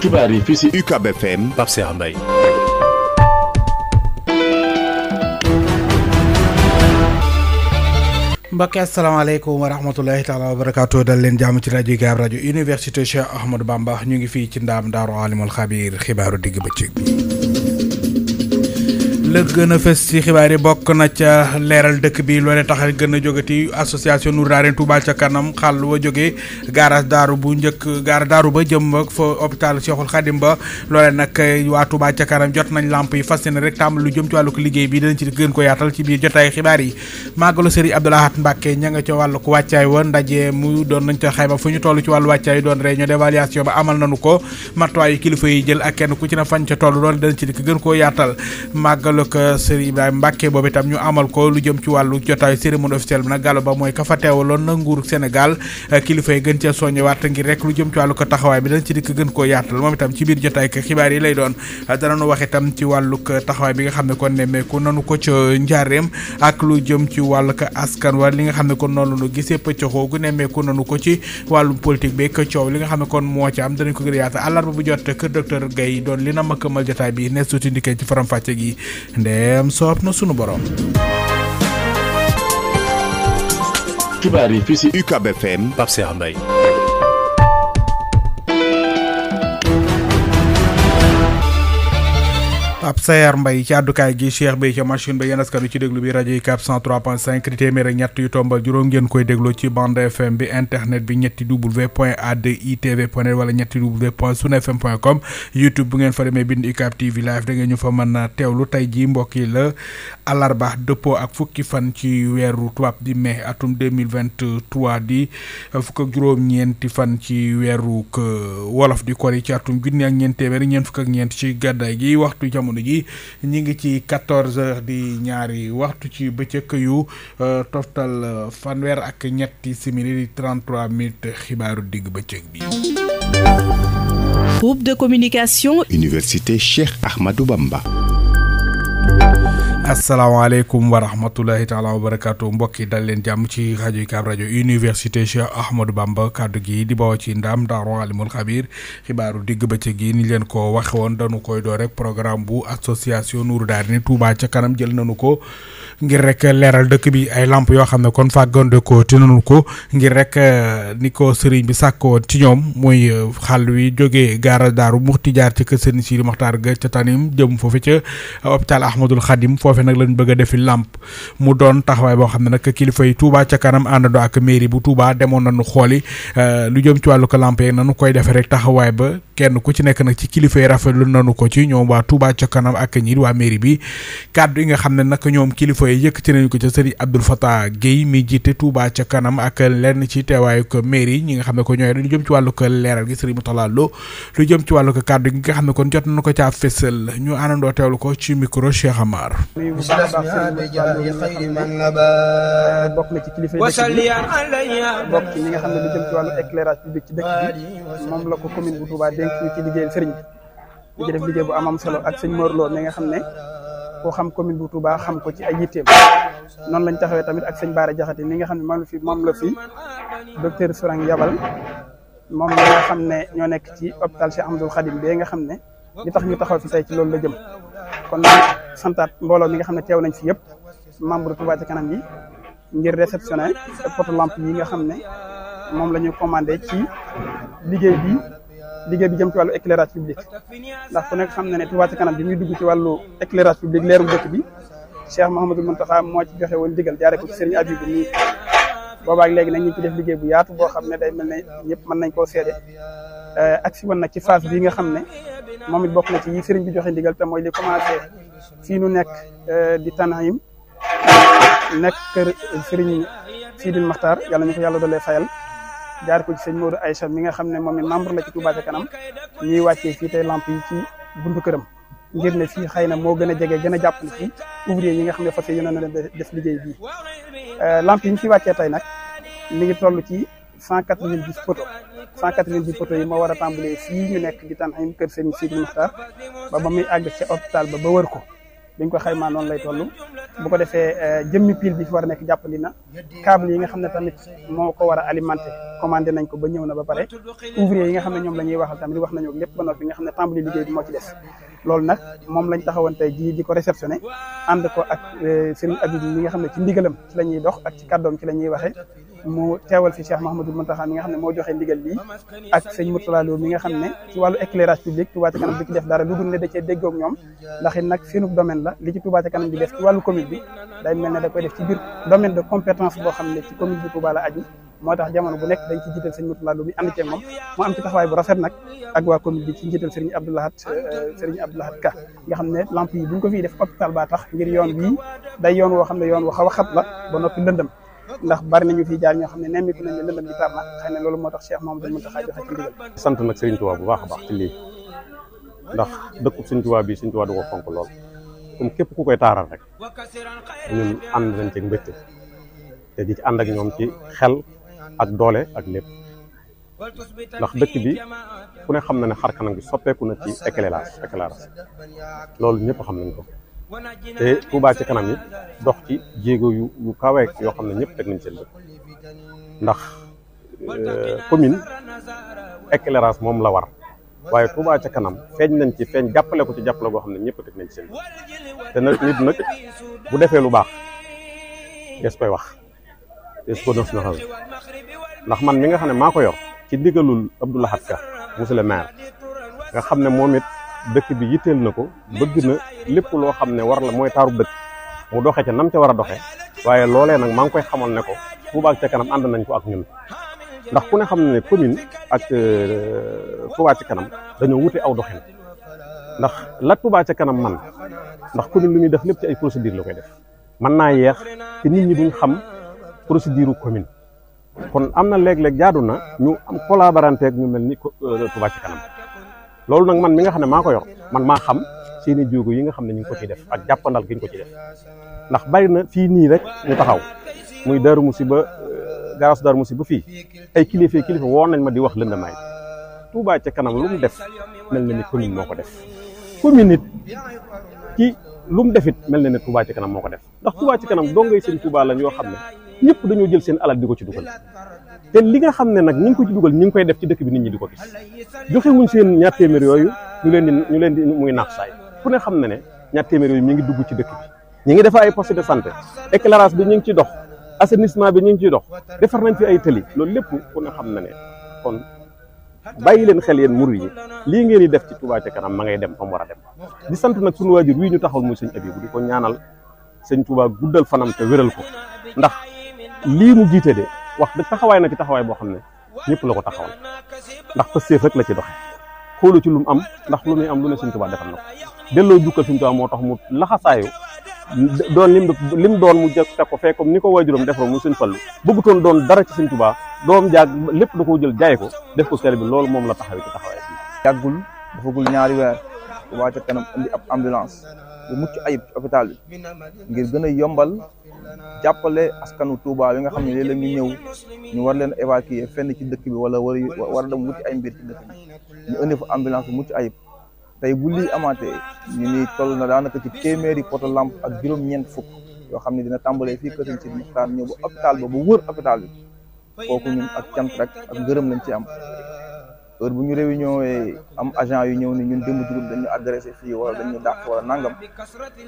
xibaar yi fii si UCAB FM Pape Serra Mbaye mbokk asalaamaaleykum dal leen jàmm ci rajo UCAB rajo université Cheikh Ahmadou Bamba ñu ngi fii ci ndaam daaru alimul xabiir xibaaru digg bëccëg la gën a fës xibaar yi bokk na ca leeral dëkk bi loolee tax gën a jógati association Nour Daareen Touba ca kanam xàll wa jógee garage daaru bu njëkk gaar daaru ba jëm fa hôpital Cheikhul Khadim ba loolee nag eh, waa ca kanam jot nañ lamp yi fas yéene rek tàmbali lu jëm ci wàllu ko liggéey bi dinañ ci gën ko yaatal ci biir jotaay xibaar yi màggalu Sëriñ Abdou Lahad Mbacke ña nga ca wàllu ko wa ndaje mu doon nañ ca xayma fu ñu toll ci wàllu wàccaay doon réunion d'évaluation ba amal nañu ko matuwaay kilifa yi jël ak kenn ku ci na fañ ca toll loolu dinañ ci gën ko yaatal màggal jàkkaarloog euh, Serigne Ibrahima Mbacke boobu itam ñu amal ko lu jëm ci wàllu Ba mooy ka fa teewaloon na nguuru Sénégal euh, kilifa yi gën cee soññewaat ngir rek ko taxawaay bi dañ ci dikk gën koo yaatal moom itam ci euh, bi nga xam ne kon nemmeeku nanu ko ca njaareem ak lu jëm ci wàllu askan wa li nga xam ne kon noonu nu gisee pëccëxoo gu nemmeeku nanu ko ci wàllu politique bi ak coow li nga xam ne kon moo ci am danañ ko gën a yaatal àllarba bu jot kër docteur Gaye doon li na makkamal jotaay bi ne suuti ndikkee ci faram-fàcce ndeem soob na sunu borom. xibaar yi fii si UCAB FM Pape Cheikh Mbaye ab sayar mbay ci àddukaay gi Cheikh Bey ca machine ba yéen askan wi ci déglu bi rajo yi 403.5 téeméer ñett yu tombal juróom ngeen koy dégloo ci bande FM bi internet bi ñetti w point aditv wala ñetti w point sunfm point YouTube bu ngeen fa demee bind UCAB TV live da ñu fa mën a teewlu tey jii mbokk yi la alarba dëppoo ak fukki fan ci weeru tubaab di mai atum 2023 di fukk ak juróom-ñeenti fan ci weeru wolof di kori ci atum junni ak ñeent téeméer ñeent fukk ak jamono ji ngi ci quatorze heures di ñaari waxtu ci bëccëg yu euh, toftal euh, fanweer ak ñetti simili di 33 minutes xibaaru digg bëccëg bi. groupe de communication. université Cheikh Ahmadou Bamba. asalaamaaleykum wa rahmatulahi taala wa barakaatu mbokk yi dal leen jàmm ci rajo UCAB rajo université Cheikh Ahmadou Bamba kàddu gi di bawoo ci ndam daaru alimul xabir xibaaru digg bëccëg gi ni leen ko waxe woon dañu koy door rek programme bu association Nourou Darayni Touba ca kanam jël nañu ko ngir rek leeral dëkk bi ay làmp yoo xam ne kon fàggande ko ti nañu ko ngir rek eh, ni ko sëriñ bi sàkkoon ci ñoom muy eh, xàll wi jóge gaara daaru muxti jaar ci kër sëriñ Sidi ca foofee nag lañ bëgg a defi làmp mu doon taxawaay boo xam ne nag kilifa yi tuubaa ca kanam àndandoo ak mairie bu tuubaa demoon nañu xooli euh, lu jëm ci wàllu ko làmp yeeg nanu koy defee rek taxawaay ba kenn ku ci nekk nag ci kilifa yi rafetlu nanu ko ci ñoom waa Touba ca kanam ak ñi waa mairie bi kàddu yi nga xam ne nag ñoom kilifa yi yëkkati nañu ko ca sëriñ Abdoul Fatah Guèye mi jiite Touba ca kanam ak lenn ci teewaayu ko mairie ñi nga xam ne ko ñooy lu jëm ci wàllu ko leeral gi sëriñ Moutalla Lo lu jëm ci wàllu ko kàddu gi nga xam ne ko jot nañu ko caa fésal ñu àndandoo teewlu ko ci micro Cheikh Amar bokk ci ñi nga xam ne lu jëm ci wàllu éclairage public ci dëkk bi moom tënk ci liggéeyal sëriñ bi di def liggéey bu am am solo ak sëñ Mor Lo nga xam ne koo xam commune bu Touba xam ko ci ay yitteem noonu lañ taxawee tamit ak sëñ Baara Jaxate mi nga xam ne moom la fi moom la fi docteur Sourang ne ñoo nekk ci hôpital Cheikh Ahmadoul Khadim bee nga xam ne li tax ñu taxaw fi tey ci loolu la jëm kon santaat mbooloo mi nga xam ne teew nañ fi yëpp membre Touba ca kanam yi ngir réceptionné poto lampe yi nga xam ne moom la ñu commandé ci liggéey bi liggéey bi jëm ci wàllu éclairage public ndax ku nekk xam na ne Touba ca kanam bi muy dugg ci wàllu éclairage public leerum dëkk bi Cheikh Mouhamadou Mountakha moo ci joxe woon digal jaaree ko ci Serigne Abibou nii boobaak léegi nag ñu ci def liggéey bu yaatu boo xam ne day mel ne ñëpp man nañ koo seede eh, ak si woon nag ci phase bii nga xam ne moom it bokk na ci yi sëriñ bi joxe ndigal te mooy li commencé fii nu nekk eh, di Tanahim nekk kër Serigne Sidil Makhtar yalla ñu ko yàlla dolee fayal jaar ko ci sëñ Modou Aïcha mi nga xam ne moom i membre la ci Touba ca kanam ñuy wàccee fii tey làmp yi ci buntu këram ngir ne fii xëy na moo gën a jege gën a jàpp jàppale ci ouvrier yi nga xam ne fas yéene na leen def liggéey bii euh, lamp yi ñu fi wàccee tey nag mi ngi toll ci cent quatre-vingt-dix poto cent quatre-vingt-dix poto yi moo war a tàmbalee fii ñu nekk di Tanheim kër sëñ Sidi Muxtaar ba ba muy àgg ca hôpital ba ba wër ko dañ ko xaymaa noonu lay toll bu ko defee euh, jëmmi pile bi fi war a nekk jàppandi na câble yi nga xam ne tamit moo ko war a alimenté commandé nañ ko ba ñëw na ba pare ouvrier yi nga xam ne ñoom la ñuy waxal tamit wax nañu lépp ba noppi nga xam ne tàmbali liggéey bi moo ci des loolu nag moom lañ taxawoon tey ji di ko réceptionné ànd ko ak euh, Serigne Abib yi nga xam ne ci ndigalam ci la ñuy dox ak ci kàddoom ci la ñuy waxee mu teewal fi Cheikh Mahamadou Mountakha mi nga xam ne moo joxe ndigal lii ak sëñ Mourtala Lo mi nga xam ne ci wàllu éclairage public Touba Ca Kanam di ci def dara lu dul ne da cee déggoo ñoom ndax it nag seenu domaine la li ci Touba Ca Kanam di def ci wàllu commune bi day mel ne da koy def ci biir domaine de boo xam ne ci commune jamono bu nekk dañ ci jiital sëñ Mourtala Lo mi ànd ceeg moom mu am ci taxawaay bu rafet nag ak waa commune bi ci njiital Serigne Abdoulahat euh, Ka nga xam ne lamp yi buñ ko fiy def hôpital baa tax ngir yoon bii day yoon woo xam ne yoon wu xaw a xat la ba noppi lëndëm ndax bari nañu fi jaar ñoo xam ne nemmiku nañu lëndëm gi tar na xëy na loolu moo tax Cheikh Mamadou Mountakha joxe ci ndigal sant nag Serigne Touba bu baax a baax ci lii ndax dëkku suñ Touba bi Serigne Touba du ko fonk lool comme képp ku koy taaral rek ñun ànd nañ ci mbégte te di ci ànd ak ñoom ci xel ak doole ak lépp ndax dëkk bi ku ne xam na ne xar kanam gi soppeeku na ci éclairage éclairage loolu ñëpp xam nañ ko te Touba ci kanam yi dox ci jéego yu yu kaweek yoo xam ne ñëpp teg nañ seen bët ndax euh, commune éclairage moom la war waaye Touba ca kanam feeñ nañ ci feeñ jàppale ko ci jàppale goo xam ne ñëpp teg nañ seen bët te nag bu defee lu baax des koy wax des ko nas naxal ndax man mi nga xam ne maa yor ci ndigalul Abdou Lahad Ka nga xam ne moom it dëkk bi yitteel na ko bëgg na lépp loo xam ne war la mooy taaru dëkk mu doxe ca nam ca war a doxe waaye loolee nag maa ngi koy xamal ne ko Touba ca kanam ànd nañ ko ak ñun ndax ku ne xam ne commune ak euh, Touba ca kanam dañoo wute aw doxin ndax la Touba ca kanam man ndax commune lu muy def lépp ci ay procédure la koy def mën naa yeex te nit ñi duñ xam procédure commune kon am na léeg-léeg jaadu na ñu am collaboranteeg ñu mel ni euh, Touba ci kanam loolu nag man mi nga xam ne maa ko yor man maa xam seeni jóogu yi nga xam ne ñu ngi ko ci def ak jàppandal gi ñu ko ci def ndax bari na fii nii rek ñu taxaw muy Darou Mousty ba euh, garage Darou Mousty ba fii ay kilifa kilifa woon nañ ma di wax lëndamaay Touba ci kanam lu mu def mel na ni commune moo ko def commune it ci lu mu defit mel na ni Touba ca kanam moo ko def ndax Touba ca kanam dongay seen Touba lañ yoo xam ne ñëpp dañoo jël seen alal di ko ci dugal te li nga xam ne nag ñi ngi ko ci dugal ñi ngi koy def ci dëkk bi nit ñi di ko gis joxe wuñ seen ñaar yooyu ñu leen di ñu leen di muy naax saay a ne xam ne ne ñaar yooyu mi ngi dugg ci dëkk bi ñi ngi defa ay poste de sante éclairage bi ñu ngi ci dox assainissement bi ñu ngi ciy dox defar nañ fi ay tëli loolu lépp ku a xam na ne kon bàyyi leen xel yéen mur yi lii ngeen yi def ci Touba ca kanam ma ngay dem fa war a dem di sant nag sunu waajur wii ñu taxawal muy sëñ Abibu di ko ñaanal sëñ Touba guddal fanam te wéral ko ndax lii jiite de wax dëgg taxawaay na ci taxawaay boo xam ne ñëpp la ko taxawal ndax pëstéef rek la ci doxe xoolu ci lu mu am ndax lu muy am lu ne Sëñ Tuubaa defal na ko delloo jukkal Sëñ Tuubaa moo tax mu laxasaayu doon lim lim doon mu jëkk teg ko fee comme ni ko waajuram defaroon mu Sëñ Fallu bëggutoon doon dara ci Sëñ Tuubaa doom jaag lépp da koo jël jaay ko def ko sel bi loolu moom la taxawee ci taxawaay bi yàggul gul ñaari weer Touba ca kanam indi ab ambulance bu mucc ayib ci hôpital bi ngir gën a yombal jàppale askanu Touba bi nga xam ne léeg la ñu ñëw ñu war leen évacuer fenn ci dëkk bi wala war war a wuti ay mbir ci dëkk bi ñu indi ambulance bu mucc ayib tey bu lii amaatee ñu ni toll na daanaka ci kéeméeri poto lamp ak juróom-ñeent fukk yoo xam ne dina tàmbalee fii Kër Sëriñ Muxtaar ñëw ba hôpital ba ba wër hôpital bi kooku ñun ak cant rek ak gërëm lañ ci am heure bu ñu réunion am agent yu ñëw ni ñun démb dugub dañu adressé fii wala dañu dàq wala nangam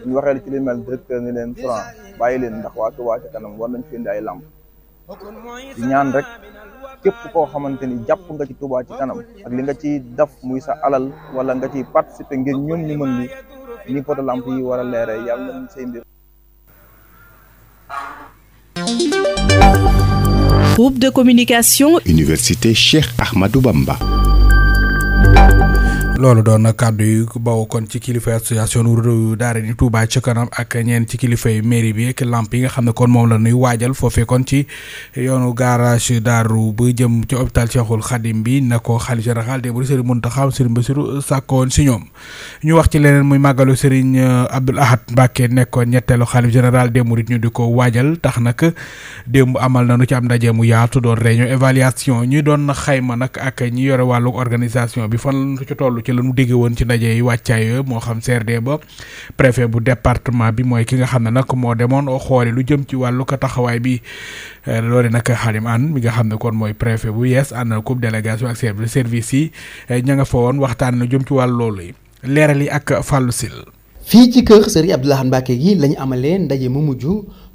ñu waxee ci li mel directeur ni leen franc bàyyi leen ndax waa Touba ca kanam war nañ fi indi ay làmp ñaan rek képp koo xamante ni jàpp nga ci Touba ci kanam ak li nga ciy def muy sa alal wala nga ciy participer ngir ñoom ñu mën ni ni poto làmp yi war a leeree yàlla nañ say mbir Groupe de communication Université Cheikh Ahmadou Bamba loolu doon na kàddu yu baw kon ci kilifa association ru daara ni Touba ca kanam ak ñeen ci kilifa yu bi ak lamp yi nga xam ne kon moom la nuy waajal foofee kon ci yoonu garage daaru bu jëm ci hôpital Cheikhul Khadim bi na ko xali général de bu Serigne Mountakha Serigne Bassirou sàkkoon si ñoom ñu wax ci leneen muy màggalu Serigne Abdoul Ahad Mbacké nekkoon ñetteelu xalif général des Mourides ñu di ko waajal tax nag démb amal na nu ci am ndaje mu yaatu doon réunion évaluation ñi doon xayma nag ak ñi yore wàllu organisation bi fan ci tollu ci la mu woon ci ndaje yi wàccaay yooyu moo xam CRD ba préfet bu département bi mooy ki nga xam ne nag moo demoon xoole lu jëm ci wàllu ko taxawaay bi euh, loole nag xalim an mi nga xam ne kon mooy préfet bu yees ànd na coupe délégation ak service yi euh, ña nga fa woon waxtaan lu jëm ci wàllu loolu yi leeral yi ak fàllu sil fii ci kër Serigne Abdoulaye Mbacke gi lañu amalee ndaje mu mujj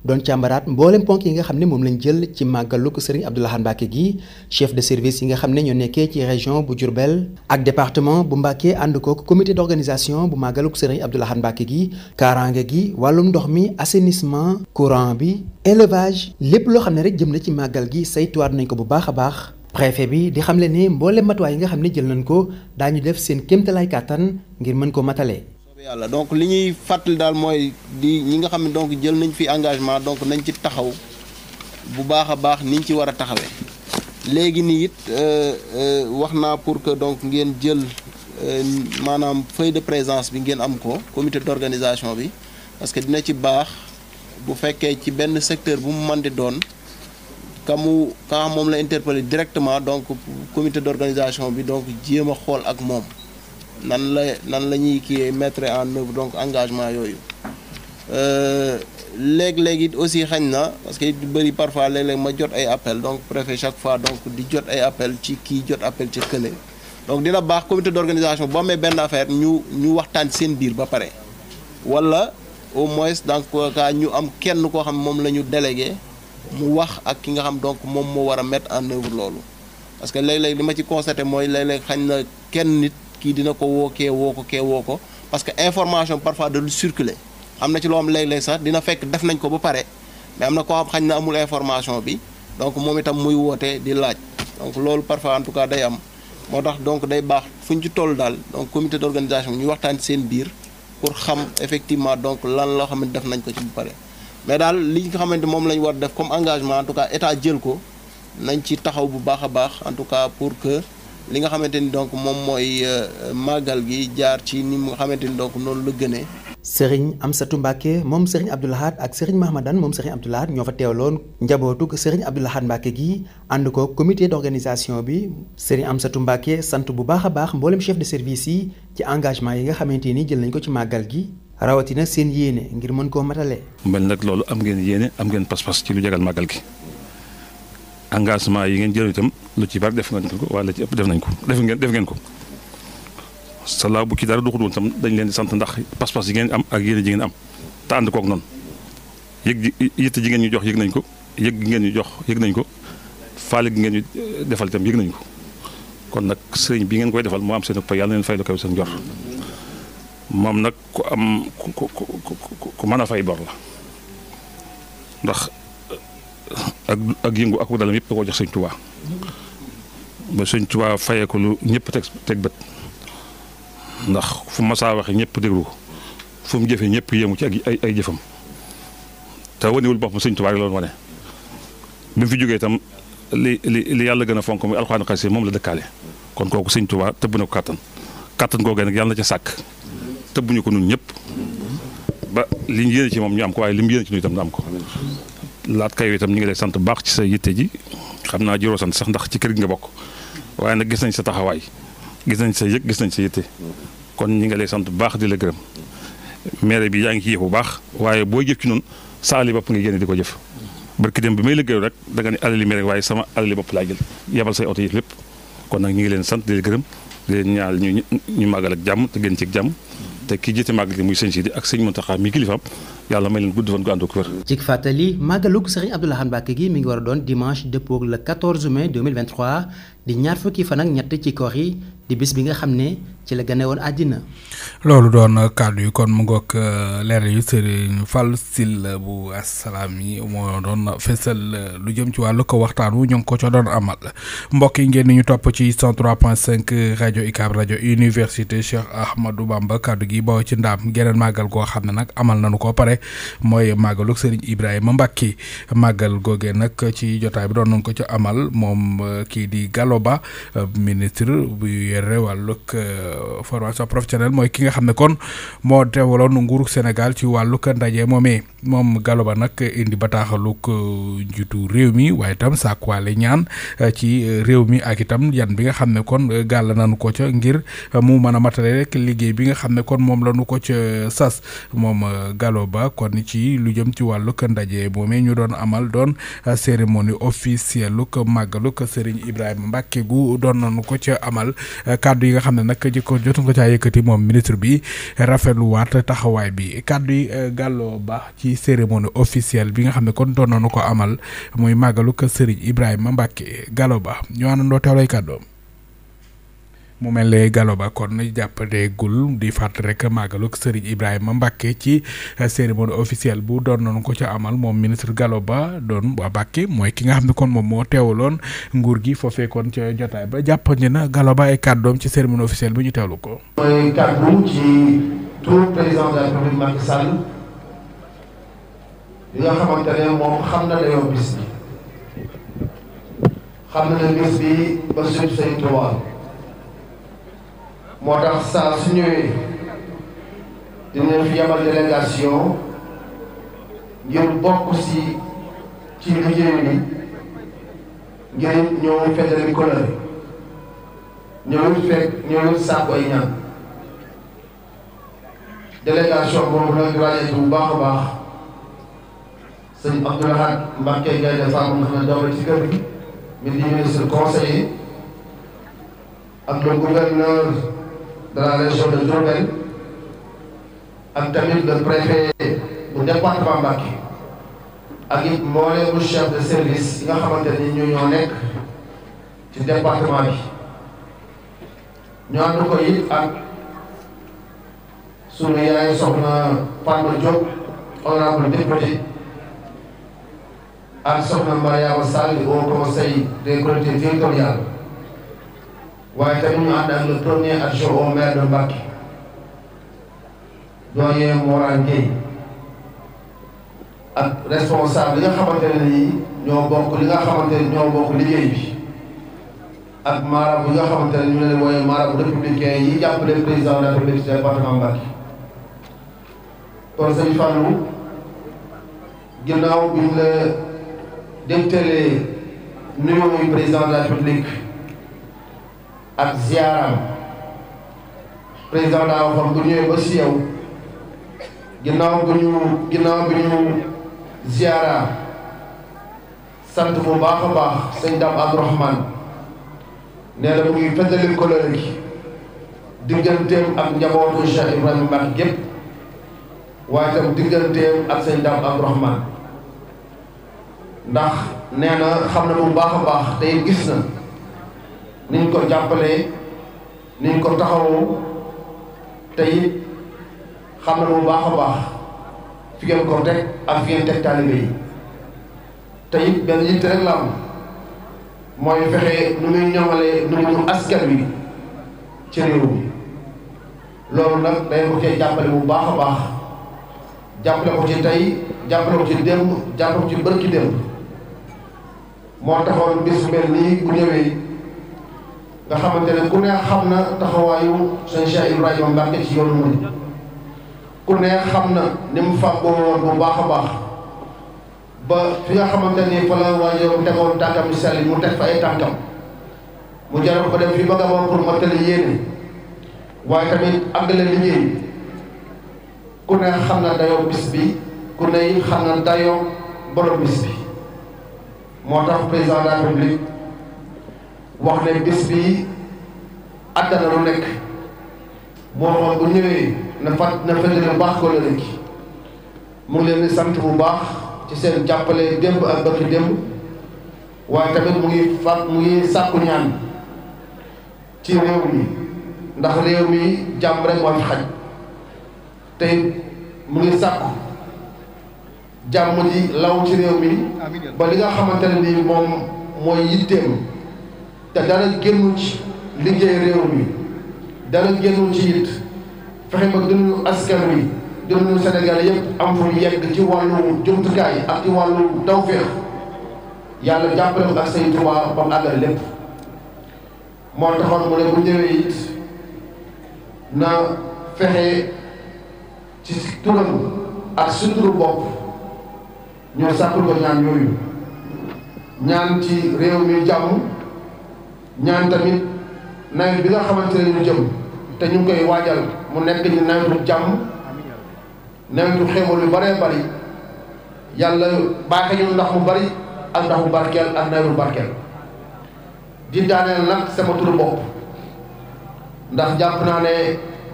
doon càmbaraat mboolem ponk yi nga xam ne moom lañ jël ci màggalu ko Serigne Abdou Lahad gi chef de service yi nga xam ne ñoo nekkee ci région bu Diourbel ak département bu mbàkkee ànd kook comité d'organisation bu màggalu ko Serigne Abdou Lahad Mbacké gi kaaraange gi wàllum ndox mi assainissement courant bi élevage lépp loo xam ne rek jëm na ci màggal gi saytuwaat nañ ko bu baax a baax préfet bi di xamle ne mboolem matuwaay yi nga xam ne jël nañ ko daañu def seen kéemtalaay kàttan ngir mën ko matale yàlla donc li ñuy fàttali daal mooy di ñi nga xam ne donc jël nañ fi engagement donc nañ ci taxaw bu baax a baax niñ ci war a taxawee léegi nii it euh, euh, wax naa pour que donc ngeen jël euh, maanaam feuille de présence bi ngeen am ko commité d'organisation bi parce que dina ci baax bu fekkee ci benn secteur bu mu mën di doon ka mu moom la interpellé directement donc comité d'organisation bi donc jéem a xool ak moom nan la nan la ñuy kii mettre en œuvre donc engagement yooyu euh, léeg-léeg it aussi xañ na parce que it bëri parfois léeg-léeg ma jot ay appel donc préfet chaque fois donc di ay appel ci kii jot appel ci kële donc dina baax comité d'organisation boo amee benn affaire ñu ñu waxtaan seen biir ba pare wala au moins donc ka ñu am kenn koo xam moom la ñu délégué mu wax ak ki nga xam donc moom moo war a mettre en œuvre loolu parce que léeg-léeg li ma ci constaté mooy léeg-léeg xañ na kenn nit kii dina ko woo kee woo ko woo ko parce que information parfois da lu circuler am na ci loo xam léeg-léeg sax dina fekk def nañ ko ba pare mais am na ko xam xañ na amul information bi donc moom itam muy woote di laaj donc loolu parfois en tout cas day am moo tax donc day baax fu ñu ci toll daal donc comité d'organisation ñu waxtaan seen biir pour xam effectivement donc lan loo xamante def nañ ko ci bu pare mais daal li nga xamante moom la ñu war def comme engagement en tout cas état jël taxaw bu baax a baax en tout cas pour que li nga xamante ni donc moom mooy euh, màggal gi jaar ci ni nga xamante ni donc noonu la gënee. Serigne Amsatou Mbacke moom Serigne Abdou Lahad ak Serigne Mahamadan moom Serigne Abdou Lahad ñoo fa teewloon njabootug Serigne Abdou Lahad Mbacke gi ànd ko comité d'organisation bi Serigne Amsatou Mbacke sant bu baax a baax mboolem chef de service yi ci engagement yi nga xamante ni jël nañ ko ci màggal gi rawatina seen yéene ngir mën koo matale. mel nag loolu am ngeen yéene am ngeen pas ci lu jagal màggal gi. engagement yi ngeen jël itam lu ci bari def nañ ko wala ci ëpp def nañ ko def ngeen def ngeen ko bu ci dara duxut woon tam dañ leen di sant ndax pas-pas yi ngeen am ak yéene ji ngeen am te kook noonu yëg yitte ji ngeen ñu jox yëg nañ ko yëg ngeen ñu jox yëg nañ ko faale gi ngeen ñu eh, defal tam yëg nañ ko kon nag sëriñ bi ngeen koy defal moo am seen pay yàlla na fay lu kaw seen jor moom nag ku am ku ku mën a fay bor la ndax ak ak yëngu ak dalam yëpp da koo jox sëñ Tuubaa ba sëñ Tuubaa fayee ko lu ñëpp teg teg bët ndax fu masaa waxe ñëpp déglu ko fu mu ñëpp yéemu ci ak ay ay jëfam te wanewul boppam sëñ Tuubaa rek la wane bi mu fi jógee tam li li li yàlla gën a fonk muy alxuraan xasee moom la dëkkaale kon kooku sëñ Tuubaa tëbb na ko kàttan kàttan googee nag yàlla na ca sàkk tëbbuñu ko nun ñëpp ba li ñu yéene ci moom ñu am ko waaye li mu yéene ci nu itam na am ko laat kayo itam ñu ngi lay sant baax ci sa yitte ji xam naa juróo sant sax ndax ci kër gi nga bokk waaye nag gis nañ sa taxawaay gis nañ sa yëg gis nañ sa yitte kon ñu ngi lay sant baax di gërëm maire bi yaa ngi ciy bu baax waaye boo jëf ci noonu sa alali bopp nga génne di ko jëf barki dem bi may liggéey rek da nga ne alali maire waaye sama alali bopp laa jël yabal say oto yi lépp kon nag ñu ngi leen sant di la gërëm di leen ñaal ñu ñu màggal ak jàmm te gën ci jàmm te ki jiite màggal gi muy sëñ Sidi ak sëñ Mountakha mi kilifaam yàlla may leen gudd fan gu ànd ak wér. ci fàttali màggalug Serigne Abdou Lahad Mbacké gi mi ngi war a doon dimanche dëppoo ak le di ñaar fukki fan ak ñett ci koor yi di bis bi nga xam ne ci la gane woon àddina loolu doon kàddu yi kon mu ngoog euh, leer yu Serigne Fall Sylla bu asalaam yi moo doon fésal euh, lu jëm ci wàllu ko waxtaan wu ñu ngi ko ca doon amal mbokk yi ngeen ñu topp ci 103.5 rajo UCAB rajo université Cheikh Ahmadou Bamba kàddu gi bawoo ci ndaam geneen màggal goo xam ne nag amal nañu ko pare mooy màggalu Serigne Ibrahima Mbacke màggal googee nag ci jotaay bi doon nañ ko ca amal moom euh, kii di Gallo Ba ministre yore wàllug euh, formation professionnelle mooy ki nga xam ne kon moo teewaloon nguuru Sénégal ci wàllug ndaje moomee moom galo Ba nag indi bataaxalug euh, njiitu réew mi waaye itam sàkkuwaale ñaan euh, ci réew mi ak itam yan bi nga xam ne kon gàll nañu ko ca ngir mu mën a matale liggéey bi nga xam ne kon moom lañu ko ca sas moom Gallo Ba kon ci lu jëm ci wàllug ndaje moomee ñu doon amal doon cérémonie officielle lug màggalug Serigne Ibrahima Mbacke gu doon nañu ko ca amal kàddu yi nga xam ne nag jikko jotuñ ko caa yëkkati moom ministre bi rafetlu waat taxawaay bi kàddu yi euh, gàlloo ba ci cérémonie officielle bi nga xam ne kon doon nañu ko amal muy màggalu kër Serigne Ibrahima Mbacke gàlloo baax ñu àndandoo teewlay kàddoom mu mel ne Gallo Ba kon jàppandeegul di fàttali rek màggalug Serigne Ibrahima Mbacke ci eh, cérémonie officielle bu doon nañu ko ca amal moom ministre galo Ba doon waa Mbacke mooy ki nga xam ne kon moom moo teewaloon nguur gi foofee kon ca jotaay ba jàppandi na Gallo Ba ay kàddoom ci cérémonie officielle bi ñu teewlu ko. mooy kàddu ci tout président de la République Macky Sall li nga xamante ne moom xam na dayoo bis bi xam na ne bis bi ba suñu Sëriñ Tuubaa. moo tax saa su ñëwee dinañ fi yabal délégation ngir bokk si ci liggéey bi ngir ñëw feddali kóllëre ñëwul fekk ñëwul sàkku ay ñaan délégation boobu nag ràññeeku bu baax a baax sëñ Abdou Lahad Gaynde Fatma nga xam ne doom ci kër gi mi di ministre conseiller ak le gouverneur de région de Diourbel ak tamit le préfet bu département Mbacké ak it mbooleemu chef de service yi nga xamante ni ñu ñoo nekk ci département bi ñu ànd ko it ak sunu yaay soxna Pamba Diop honorable député ak soxna Mariama Sall au conseil des collectivités territoriales waaye te mu ngi ànd ak le premier adjoint au maire de ak responsable yi xamante ne ñoo bokk li nga xamante ne ñoo bokk liggéey bi ak marabu yi nga xamante ne ñu ne leen wooyee marabu républicain yi jàppale président de la République département Mbacké kon sëñ Fallou ginnaaw bi ñu la dégtalee nuyoo muy président de la République ak ziaram président daa waxoon bu ñëwee ba si yow ginnaaw bu sant bu baax a baax sëñ Dame Abdourahmane nee na mu ngi feddali kóllëre gi digganteem ak njabootu Cheikh Ibrahima Mbacke gépp waaye tam digganteem ak sëñ Dame Abdourahmane ndax nee na xam na bu baax a baax tey gis na niñ ko jàppalee niñ ko taxawoo tey it xam na bu baax a baax fi ko teg ak fi ngeen teg taalibe yi te benn yitte rek la mooy fexe nu muy ñoŋalee nu mu askan wi ci réew mi loolu nag day ko cee jàppale bu baax a baax jàppale ko ci tey jàppale ko ci démb jàppale ko ci bërki démb moo taxoon bis mel nii bu ñëwee nga xamante ne ku ne xam na taxawaayu sëñ Cheikh Ibrahima Mbacke ci yoonu murid ku ne xam na ni mu fàggoo woon bu baax a baax ba fi nga xamante ni fa la waajoom tegoon tànkam yu sell mu teg fa ay tànkam mu jaral ko dem fi ba Gabon pour mottali yéene waaye tamit àggale liggéey ku ne xam na dayoo bis bi ku ne xam na dayoo borom bis bi moo tax président de la wax ne bis bi àddana lu nekk moo xam bu ñëwee na fat na fëddale bu baax ko la nekk mu ngi leen sant bu baax ci seen jàppale démb ak bëkki démb waaye tamit mu ngi fat mu ngi sàkku ñaan ci réew mi ndax réew mi jàmm rek moo fi xaj tey mu ngi sàkku jàmm ji law ci réew mi ba li nga xamante ni moom mooy yitteem te dara génnul ci liggéey réew mi dara génnul ci it fexe ba dund askan wi dund Sénégal yëpp am fu yegg ci wàllu jumtukaay ak ci wàllu tawféex yàlla jàppale ko ak say Tuubaa ba mu àggal lépp moo taxoon mu ne bu ñëwee na fexe ci turam ak suturu bopp ñoo sàkkul ko ñaan yooyu ñaan ci réew mi jàmm ñaan tamit nawet bi nga xamante ne ñu jëm te ñu koy waajal mu nekk ñu nawetu jàmm nawetu xéewal yu bëree bëri yàlla baaxe ñu ndax mu bari ak ndax mu barkeel a nawetu barkeel di daaneel nag sama turu bopp ndax jàpp naa ne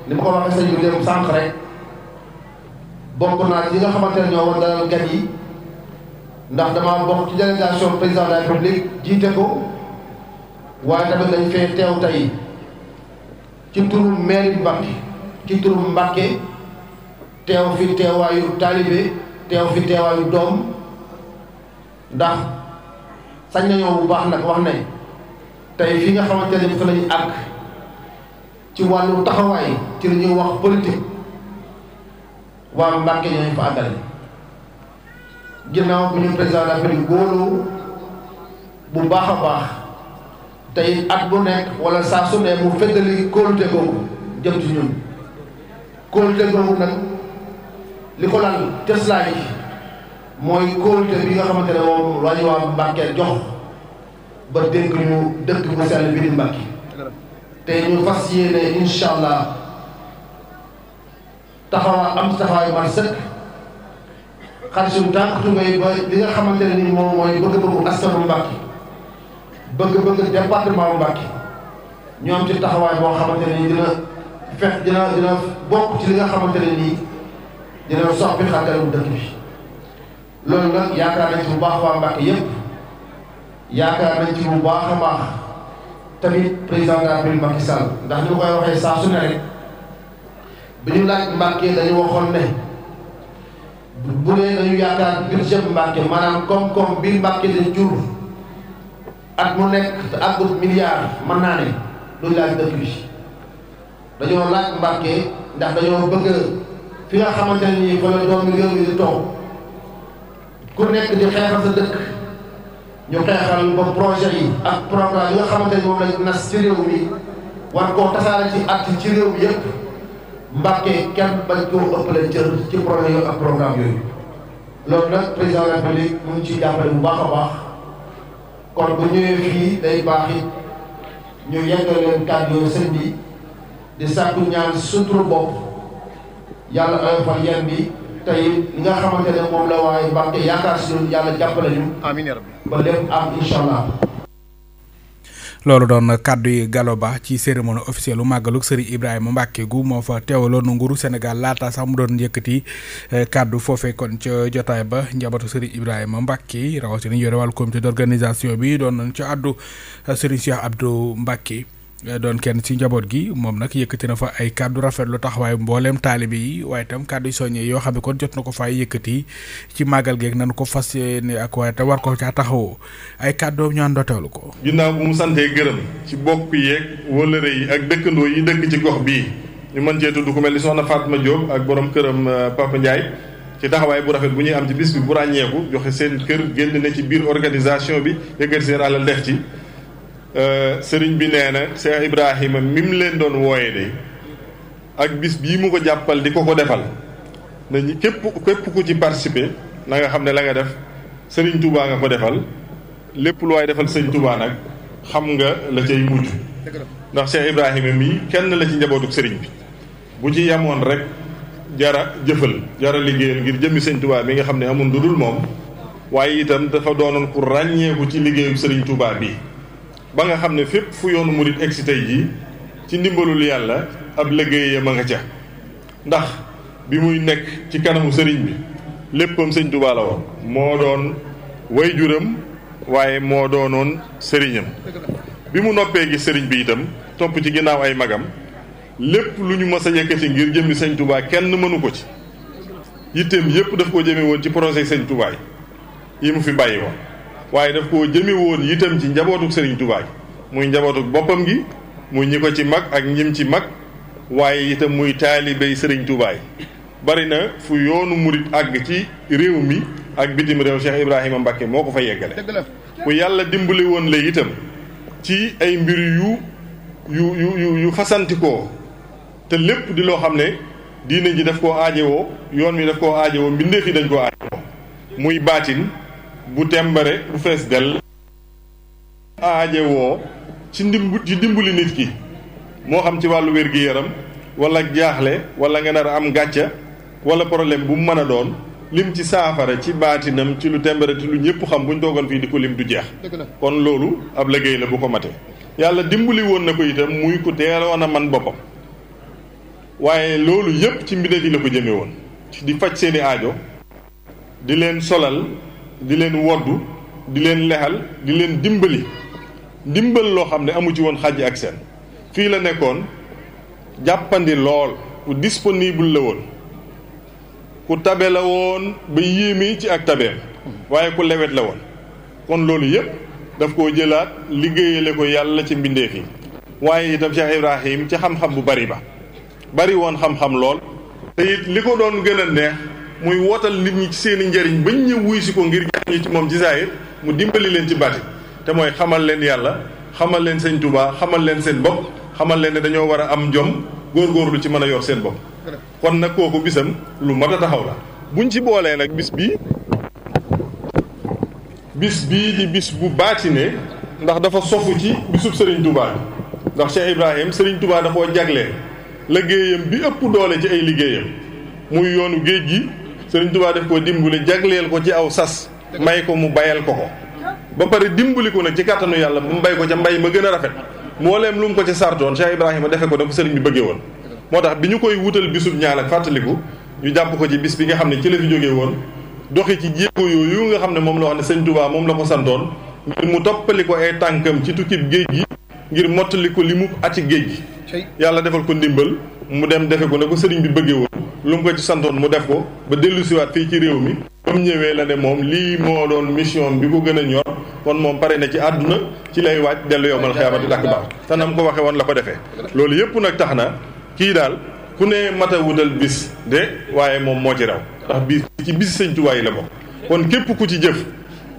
ni mu ko waxee sëñ bi dem sànq naa ci nga xamante ne ñoo war dalal gan yi ndax dama bokk ci délégation président de la république jiite waaye tamit dañ fee teew tey ci turu mairie Mbacké ci turu Mbacké teew fi teewaayu taalibe teew fi teewaayu doom ndax sañ nañoo bu baax nag wax ne tey fi nga xamante ne fa lañu àgg ci wàllu taxawaay ci li ñuy wax politique waa Mbacké ñooñu fa àggale ginnaaw bu ñu président de la République bu baax a baax tey at bu nekk wala saa su ne mu feddali kóolute googu jëm ci ñun kóolute googu nag li ko lal cëslaay mooy kóolute bi nga xamante ne moom la ñu waa Mbàkke jox ba dénk ñu dëkk bu sell bi di Mbàkke tey ñu fas yéene incha allah taxawaa am taxawaay man sëkk xar suñu tànk tubéy ba li nga xamante ne ni moom mooy bëgg-bëggu askanu Mbàkke bëgg-bëgg département bu Mbacké ñu am ci taxawaay boo xamante ne dina fex dina dina bokk ci li nga xamante ne nii dina soppi xàttaliku dëkk bi loolu nag yaakaar nañ ci bu baax waa Mbacké yépp tamit président de la République Macky ndax ni ma waxee saa su ne rek bi ñu laaj Mbacké dañu waxoon ne bu dee dañu yaakaar budget Mbacké maanaam koom-koom bi Mbacké dañ jur at mu nekk te àggut milliard mën naa ne luñ laaj dëkk bi dañoo laaj Mbàkke ndax dañoo bëgg fi nga xamante ne nii fa toog ku nekk di xeexal sa ba projet yi ak programme yi nga xamante ne moom nas ci réew mi war koo tasaare ci at ci réew yëpp Mbàkke kenn bañ koo ëppale cër ci projet yooyu ak yooyu loolu nag président de la mu ngi ciy jàppale kon bu ñëwee fii day baax it ñu yeggal leen kàddu yooyu sëñ bi di sàkku ñaan sutura bopp yàlla oyofal yan bi tey li nga xamante ne moom la waaye Mbàkke yaakaar si ñun yàlla jàppale ñu. amiin ba lépp am incha allah. loolu doon kàddu galo Gallo Ba ci cérémonie officielle u màggalug Serigne Ibrahima Mbacke gu moo fa teewaloon nguuru Sénégal laata sax mu doon yëkkati eh, kàddu foofee kon ca jotaay ba njabootu Serigne Ibrahima Mbacke rawatina yore wàllu comité d'organisation bi doon nañ ca àddu eh, Serigne Cheikh Abdou Mbacke. doon kenn ci njaboot gi moom nag yëkkati na fa ay kàddu rafetlu taxawaay mbooleem taalibe yi waaye tam kàddu yu soññee yoo xam ne kon jot na ko faa yëkkati ci màggal geeg nañu ko fas yéene ak waaye te war ko caa taxawoo ay kàddoom ñu àndooteelu ko. ginnaaw bu mu santee gërëm ci bokk yeeg wëllëre yi ak dëkkandoo yi dëkk ci gox bii ñu mën cee tudd ku mel ni soxna Fatma Diop ak borom këram euh, Papa Ndiaye ci taxawaay bu rafet bu ñuy am ci bis bi bu ràññeeku joxe seen kër génn ne ci biir organisation bi yëkkati seen alal def ci Euh, sëriñ bi nee na Cheikh Ibrahima mi mu leen doon wooye de ak bis bii mu ko jàppal di ko ko defal nañu képp képp ku ci participer na nga xam ne la nga def sëriñ Touba nga ko defal lépp lu waay defal sëñ Touba nag xam nga la cay mujj ndax Cheikh Ibrahima mii kenn la ci njabootuk sëriñ bi bu ci yemoon rek jara jëfal jara liggéeyal ngir jëmmi sëriñ Touba bi nga xam ne amul lu dul moom waaye itam dafa doonoon ku ràññeeku ci liggéeyu sëriñ Touba bii ba nga xam ne fépp fu yoonu murit egsi tey jii ci ndimbalul yàlla ab liggéeyam a nga ca ndax bi muy nekk ci kanamu sëriñ bi léppam sëñ Tuubaa la woon moo doon way juram waaye moo doonoon sëriñam bi mu noppee gis sëriñ bi itam topp ci ginnaaw ay magam lépp lu ñu mës a yëkkati ngir jëmmi sëñ Tuubaa kenn mënu ko ci yitteem yépp daf ko jëme woon ci projet sëñ Tuubaa yi mu fi bàyyi woon waaye daf koo jëme yitam ci njabootuk sëriñ Tuubaa gi muy njabootuk boppam gi muy ñi ko ci mag ak ñim ci mag waaye itam muy taalibey sëriñ Tuubaa yi bari na fu yoonu murit àgg ci réew mi ak bitim réew Cheikh Ibrahima Mbacke moo ko fa yeggale ku yàlla dimbali woon la itam ci ay mbir yu yu yu yu fasantikoo te lépp di loo xam ne diine ji daf koo aajewoo yoon mi daf koo aajewoo mbindeef yi dañ koo aajewoo muy baatin bu tembare bu fees del aaje woo ci ndimbu ci dimbali nit ki moo xam ci wàllu wér-gi-yaram walla jaaxle wala nga nar am gàcca wala problème bu mu mën a doon lim ci saafara ci baatinam ci lu tembare te lu ñëpp xam bu ñu toogoon fii di ko lim du jeex kon loolu ab liggéey la bu ko matee yàlla dimbali woon na ko itam muy ku teeloon a man boppam waaye loolu yëpp ci mbindeef yi la ko jëme woon di faj seeni aajo di leen solal di leen woddu di leen lexal di leen dimbali dimbal loo xam ne amu ci woon xaj ak seen fii la nekkoon jàppandi lool ku disponible la woon ku tabe la woon ba yéeme ci ak tabeem waaye ku lewet la woon kon loolu yëpp daf koo jëlaat liggéeyale ko yàlla ci mbindeef yi waaye itam Cheikh Ibrahim ci xam-xam bu bari ba bari woon xam-xam lool te it li ko doon gën a neex muy wootal nit ñi ci seen i njëriñ bañ ñëw wuy si ko ngir jariñu ci moom ci zaahir mu dimbali leen ci bàtti te mooy xamal leen yàlla xamal leen sëñ Tuubaa xamal leen seen bopp xamal leen ne dañoo war a am jom góorgóorlu ci mën a yor seen bopp kon nag ko bisam lu mat a taxaw la buñ ci boolee nag bis bi bis bi i bis bu baatine ndax dafa sofu ci bisub sëriñ tubaa ndax Cheikh Ibrahim sëriñ tubaa da koo jagleel liggéeyam bi ëpp doole ci ay liggéeyam muy yoonu géej gi Sëriñ Tuubaa def koo dimbali jagleel ko ci aw sas may ko mu bayal ko ko ba pare dimbali ko nag ci kàttanu yàlla mu bay ko ca mbay ma gën a rafet moo leen lum ko ci sartoon Cheikh Ibrahima defe ko na ko sëriñ bi bëggee woon moo tax bi ñu koy wutal bisub ñaan ak fàttaliku ñu jàpp ko ci bis bi nga xam ne ci la fi jógee woon doxi ci jéego yooyu nga xam ne moom la wax ne sëñ Touba moom la ko santoon ngir mu toppali ko ay tànkam ci tukkib géej gi ngir mottali ko li mu ati géej gi yàlla defal ko ndimbal mu dem defe ko ne ko sëriñ bi bëggee woon lu mu ko ci santoon mu def ko ba dellusiwaat fii ci réew mi ba mu ñëwee la ne moom lii moo doon mission bi ko gën a ñor kon moom pare na ci àdduna ci lay waaj dellu yow mal xiyaamati lakk baax te na mu ko waxee woon la ko defee loolu yëpp nag tax na kii daal ku ne mat a wutal bis de waaye moom moo ci raw ndax bis ci bis sëñ Tuubaa yi la kon képp ku ci jëf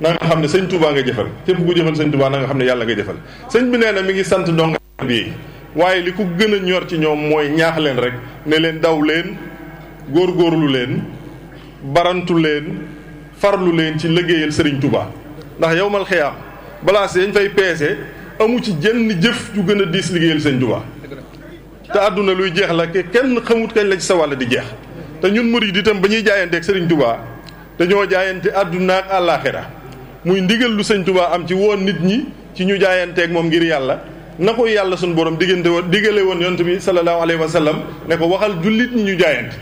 na xam ne sëñ Tuubaa nga jëfal képp ku jëfal sëñ Tuubaa na nga xam ne yàlla nga jëfal sëñ bi nee na mi ngi sant donga waaye li ko gën a ñor ci ñoom mooy ñaax leen rek ne leen daw leen góorgóorlu leen barantu leen farlu leen ci liggéeyal sëriñ Touba ndax yowmal xiyaam balaa yañ fay peese amu ci jenn jëf ju gën a diis liggéeyal sëriñ Touba te àdduna luy jeex la kenn xamut kañ la ci sa wàll di jeex te ñun murid ditam ba ñuy jaayanteeg sëriñ tubaa dañoo jaayante àdduna ak àllaaxira muy ndigal lu sëriñ Touba am ci woon nit ñi ci ñu jaayanteeg moom ngir yàlla na ko yàlla suñu borom diggante woon diggale woon yonent bi sallallahu alayhi wa sallam ne ko waxal ñi ñu jaayante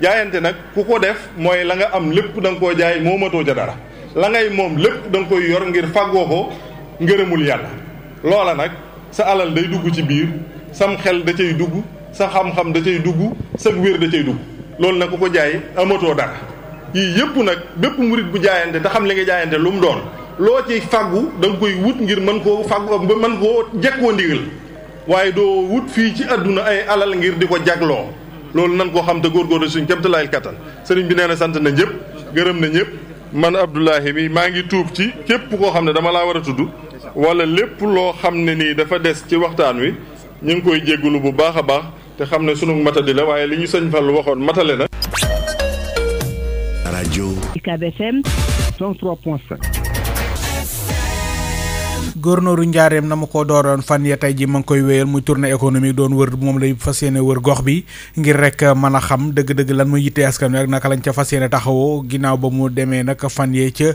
jaayante nag ku ko def mooy la nga am lépp da nga koo jaay moomatoo ca dara la ngay moom lépp danga koy yor ngir fàggoo ko ngërëmul yàlla loola nag sa alal day dugg ci biir sam xel da cay dugg sa xam-xam da cay dugg sa wér da cay dugg loolu nag ku ko jaay amatoo dara yii yëpp nag bépp murit bu jaayante te xam li nga jaayante lu mu doon loo ci fàggu danga koy wut ngir mën koo fàggu mën koo jekkoo ndigal waaye doo wut fii ci àdduna ay alal ngir di ko jagloo loolu nan koo xam te góorgóorlu suñ kéemtalaayil kattan sëriñ bi nee na sant na ñëpp gërëm na ñëpp man Abdoulahi bi maa ngi tuub ci képp koo xam ne dama laa war a tudd wala lépp loo xam ne nii dafa des ci waxtaan wi ñu ngi koy jéggulu bu baax a baax te xam ne sunu matadi la waaye li ñu sëñ lu waxoon matale na. rajo. UCAB gornooru njaareem na mu ko dooroon fan ya tey ji ma ngi koy wéyal muy tournée économique doon wër moom lay fas yéene wër gox bi ngir rek mën a xam dëgg-dëgg lan muy yitte askan wi ak naka lañ ca fas yéene taxawoo ginnaaw ba mu demee nag fan yee ca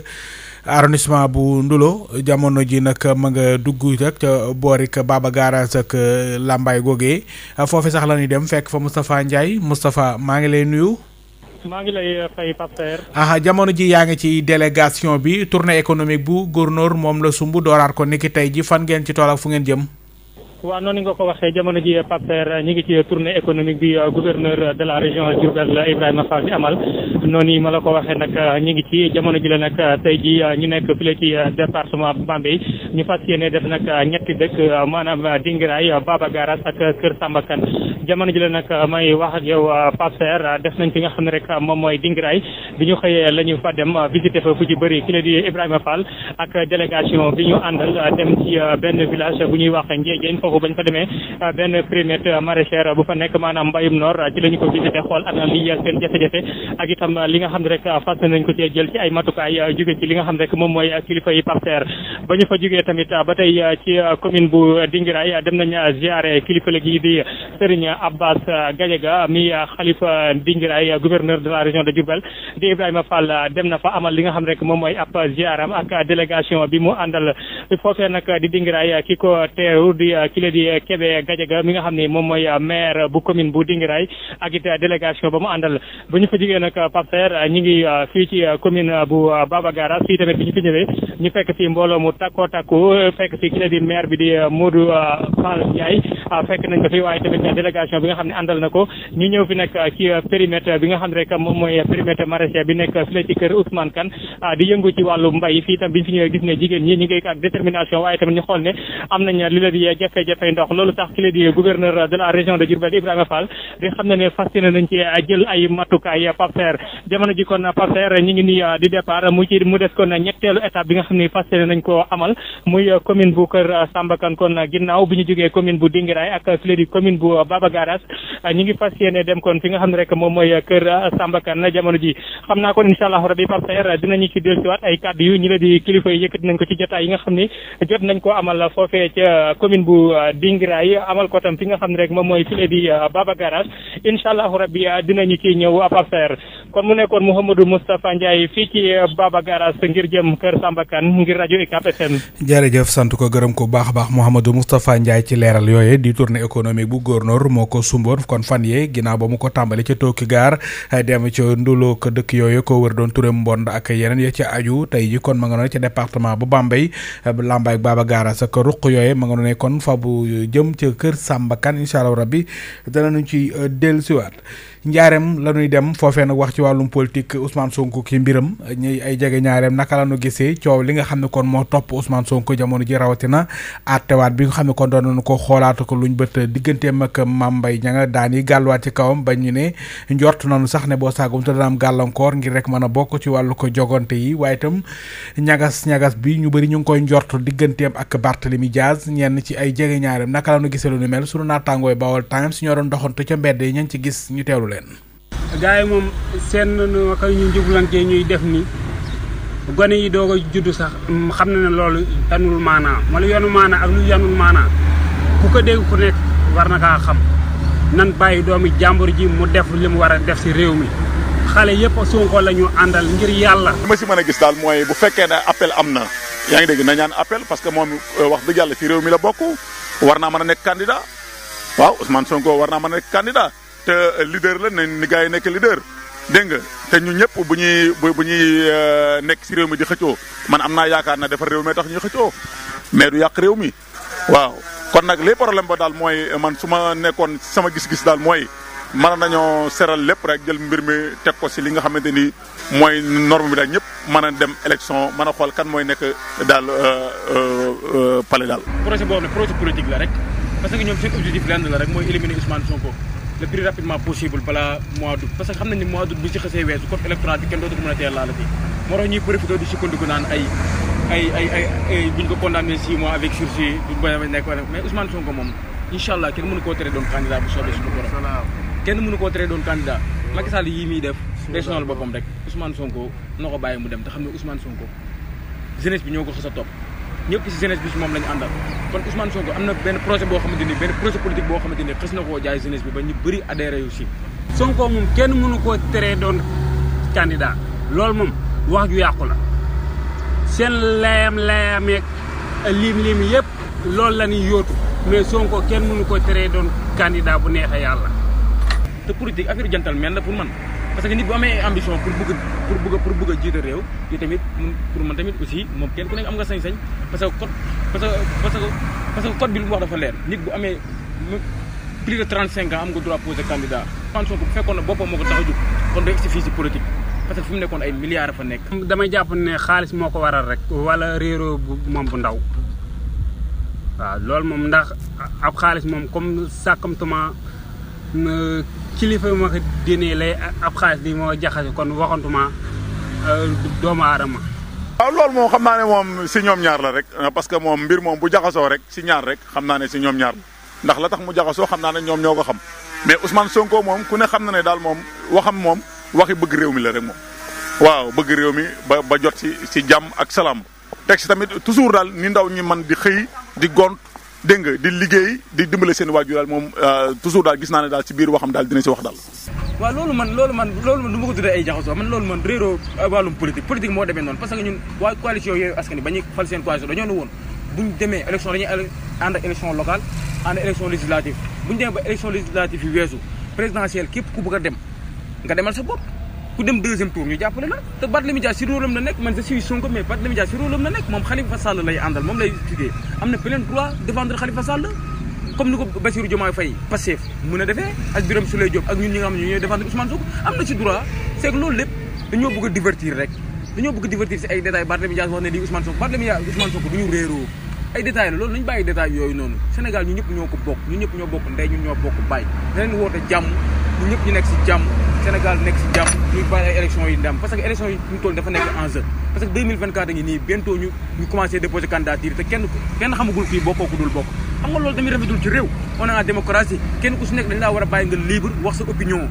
arrondissement bu Ndulo jamono ji nag ma nga dugg rek ca boori Baba Garage ak euh, Lambaye googee foofu sax la ñuy dem fekk fa Moustapha Ndiaye mustafaa maa ngi lay nuyu. maa ngi lay uh, fay Pape Saer aha jamono ji yaa ngi ci délégation bi tournée économique bu gouverneur moom la sumb dooraat ko niki tey ji fan ngeen ci tool fu ngeen jëm. waaw noonu nga ko waxee jamono ji uh, Pape Saer uh, ñu ngi ci tournée économique bi gouverneur de la région Diourbel a Fall di amal noonu yi ma la ko waxee nag ñu ngi ci jamono ji la nag tey ji ñu nekk file ci département Bambey ñu fas yéene def nag ñetti dëkk maanaam Dingiraay Baba Garas ak Kër Samba jamono ji la nag uh, may wax ak yow uh, Pape Sarr uh, def nañ fi nga xam ne rek moom mooy Dingiraay bi ñu xëyee la ñu fa dem visiter fa ku ci bëri ki di Ibrahima Fall ak délégation bi ñu àndal dem ci benn village bu ñuy wax Ndiédiène foofu bañ fa demee benn primate maraîchère bu fa nekk maanaam mbayum noor ci la ñu ko visiter xool ana li seen jafe-jafe ak itam li nga xam ne rek fas nañ ko cee jël ci ay matukaay jóge ci li nga xam ne rek moom mooy kilifa yi Pape ba ñu fa jógee tamit ba tey ci commune bu Dingiraay dem nañ ziare kilifa gi di Serigne Abbas euh, Gadiaga mi xalifa euh, Dingiray euh, gouverneur de la région de Diourbel di Ibrahima Fall dem na fa amal li nga xam rek moom mooy ab ziaram ak délégation bi mu àndal foofee nag di Dingiray ki ko teeru di kile di Kébé ga mi nga xam ni moom mooy maire bu commune bu Dingiray ak it délégation ba mu àndal bu ñu fa jigee nag Pape ñu ngi fii ci commune bu Babagara fii tamit bi ñu ñu fekk fi mbooloo mu takkoo takku fekk fi kile di maire bi di Modou Fall Ndiaye délégation bi nga xam ne àndal na ko ñu ñëw fi nag ci périmètre bi nga xam rek moom mooy périmètre maraîcher bi nekk fii la ci kër Ousmane Kane ah, di yëngu ci wàllu mbay fii tam biñu ñu xool ne am nañ li la di jafe-jafe ndox loolu tax ki la di gouverneur de la région de Diourbel Ibrahima Fall di xam ne ne nañ ci jël ay matukaay PAPSER jamono ji kon PAPSER ñu ngi nii ah, di départ mu des kon ñetteelu étape bi nga xam ne fas nañ ko amal muy commune bu kër Samba garage ah, ñi ngi fas yéene dem kon xam ne rek moom mooy ah, kër ah, Samba Kane jamono ji xam naa kon incha allah rabi Pape Saer dinañu ci dellusiwaat ay kàddu yu ñu la di kilifa yi yëkkati nañ ko ci jotaay yi nga xam ne jot nañ ko amal foofee ca commune bu Dingiraay amal ko tam fi nga xam ne rek moom mooy file di Baba Garage incha allah rabi dinañu ci ñëw Pape kon mu nekkoon Mouhamadou Moustapha Ndiaye fii ci euh, Baba Garage ngir jëm Kër Samba Kane ngir rajo UCAB FM. jërëjëf sant ko gërëm ko baax a baax Mouhamadou Moustapha Ndiaye ci leeral yooye di tournée économique bu góornoor moo ko sumboon kon fan yee ginnaaw ba mu ko tàmbali ca Tooki Gaar euh, dem ca Nduloo ko dëkk yooyu ko wër doon Touré Mbond ak yeneen ya ca aju tey ji kon ma nga noonu ca département bu Bambey euh, Lambaye ak Baba Garage ak ruq yooye ma nga noonu kon fa bu jëm ca Kër Samba Kane incha allah rabbi danañu ci dellusiwaat njaareem la ñuy dem foofee nag wax ci wàllum politique Ousmane Sonko ki mbiram ay jege ñaareem naka la ñu gisee coow li nga xam ne kon moo topp Ousmane Sonko jamono ji rawatina àttewaat bi xam ne kon doon nañu ko xoolaatu ko luñ bët digganteem ak Mame Mbaye ña nga daan yi gàlluwaat ci kawam bañ ñu ne njort nañu sax ne boo saagum te am gàllankoor ngir rek mën a bokk ci wàllu ko jogante yi waaye itam ñagas ñagas bi ñu bëri ñu ngi koy njort digganteem ak Barthélemy Diaz ñenn ci ay jege ñaareem naka la ñu gisee lu ñu mel sunu naataangooy Baol Times ñoo doon doxantu ca mbedd yi ñañ ci gis ñu teewlu ren. gars yi moom seen naka ñu njëglante ñuy def nii gone yi doog a juddu sax mm, xam na ne loolu yanul ma wala yanu maana ak lu yanul maanaa ku ko dégg ku nekk war na kaa xam nan bàyyi doomi jàmbur ji mu def li mu war a def si réew mi xale yëpp Sonko la ñu àndal ngir yàlla. li ma si mën a gis daal mooy bu fekkee ne appel am na yaa ngi dégg na ñaan appel parce que moom euh, wax dëgg yàlla ci réew mi la bokk war naa mën a nekk candidat waaw Ousmane Sonko war naa te leader la nañ ni gars yi nekk leader. dégg nga te ñu ñëpp bu ñuy bu ñuy euh, nekk si réew mi di xëccoo man am naa yaakaar na defar réew mi tax ñuy xëccoo mais du yàq réew mi waaw. kon nag li problème ba daal mooy man su ma nekkoon sama gis-gis daal mooy mën nañoo seral lépp rek jël mbir mi teg ko si li nga xamante ni mooy norme bi daal ñëpp man a dem élection mën a xool kan mooy nekk daal euh, euh, palais daal. projet boobu nag projet politique la rek parce le plus rapidement possible balaa mois d'août parce que xam na ne mois d'août bu si xasee weesu code électoral bi kenn dootu ko mën a teel laala fii moo tax ñuy profité di sukkandiku naan ay ay ay ay bu ko condamné 6 mois avec sursis duñ ba nekk mais Ousmane Sonko moom incha allah kenn mënu koo tere doon candidat bu soobee suñu borom boppam rek Ousmane Sonko na ko bàyyi mu dem te xam ne Ousmane Sonko jeunesse bi ñoo ko xas a topp ñëpp si jeunesse bi si moom la ñu àndal kon Ousmane Sonko am na benn projet boo xamante ni benn projet politique boo xamante ni xës na koo jaay jeunesse bi ba ñu bëri adhéré yu si Sonko moom kenn mënu koo teree doon candidat loolu moom wax ju yàqu la seen layam layameeg liim liim yëpp loolu la ñuy yóotu mais Sonko kenn mënu koo teree doon candidat bu neexee yàlla te politique affaire jantal mel na pour man parce que nit bu amee ambition pour bëgg pour bëgg pour bëgg a jiite réew yi tamit pour man tamit aussi moom kenn ku nekk am nga sañ-sañ parce que code parce que parce que parce que code bi lu mu wax dafa leer nit bu amee plus de 35 ans am nga droit poser candidat pension bu fekkoon na boppam moo ko tax a jóg kon day si politique parce que fi mu nekkoon ay milliards fa nekk damay jàpp ne xaalis moo ko waral rek wala réeroo bu moom bu ndaw waaw loolu moom ndax ab xaalis moom comme sàkkamtuma euh, kilifa ma ko diine lay ab xaalis bi moo jaxase kon waxantuma euh, doomu aadama. waaw loolu moom xam naa ne moom si ñoom ñaar la rek parce que moom mbir moom bu jaxasoo rek si ñaar rek xam naa ne si ñoom ñaar ndax la tax mu jaxasoo xam naa ne ñoom ñoo ko xam mais Ousmane Sonko moom ku ne xam na ne daal moom waxam moom waxi bëgg réew mi la rek moom. waaw bëgg réew mi ba ba jot si si jàmm ak salaam teg si tamit toujours daal ni ndaw ñi man di xëy di gont dégg nga di liggéey di dimbale seen waajur daal moom euh, toujours daal gis naa ne daal ci biir waxam daal dina si wax daal waaw loolu man loolu man loolu man du ma ko tuddee ay jaxasoo man loolu man réeroo wàllum politique politique moo demee noonu parce que ñun waa coalition yooyu askan wi ba ñuy fal seen coalition dañoo ne woon bu ñu demee élection dañuy ànd élection locale ànd élection législative bu ñu demee ba élection législative yi weesu présidentielle képp ku bëgg a nga demal sa ku dem deuxième tour ñu jàppale la te Barthélémy Dias si rôlam la nekk man je suis Sonko mais Barthélémy Dias si rôlam la nekk moom Khalifa Sall lay àndal moom lay jugee am na plein droit défendre Khalifa Sall comme ni ko Bassirou Diomaye Faye Pastef mën a defee ak Birame Souleye Diop ak ñun ñi nga xam ne ñooy défendre Ousmane am na ci droit c'est loolu lépp dañoo bëgg divertir rek dañoo bëgg divertir si ay détails Barthélémy Dias wax ne lii Ousmane Sonko Barthélémy Sénégal nekk si jàmm ñuy bàyyi ay élection yi ndam parce que élection yi nii bientôt ñu ñu commencé déposer candidature te kenn kenn xamagul kii bokkoo dul bokk xam nga loolu tamit rafetul ci réew on est en démocratie kenn ku si nekk dañ war a bàyyi nga libre wax sa opinion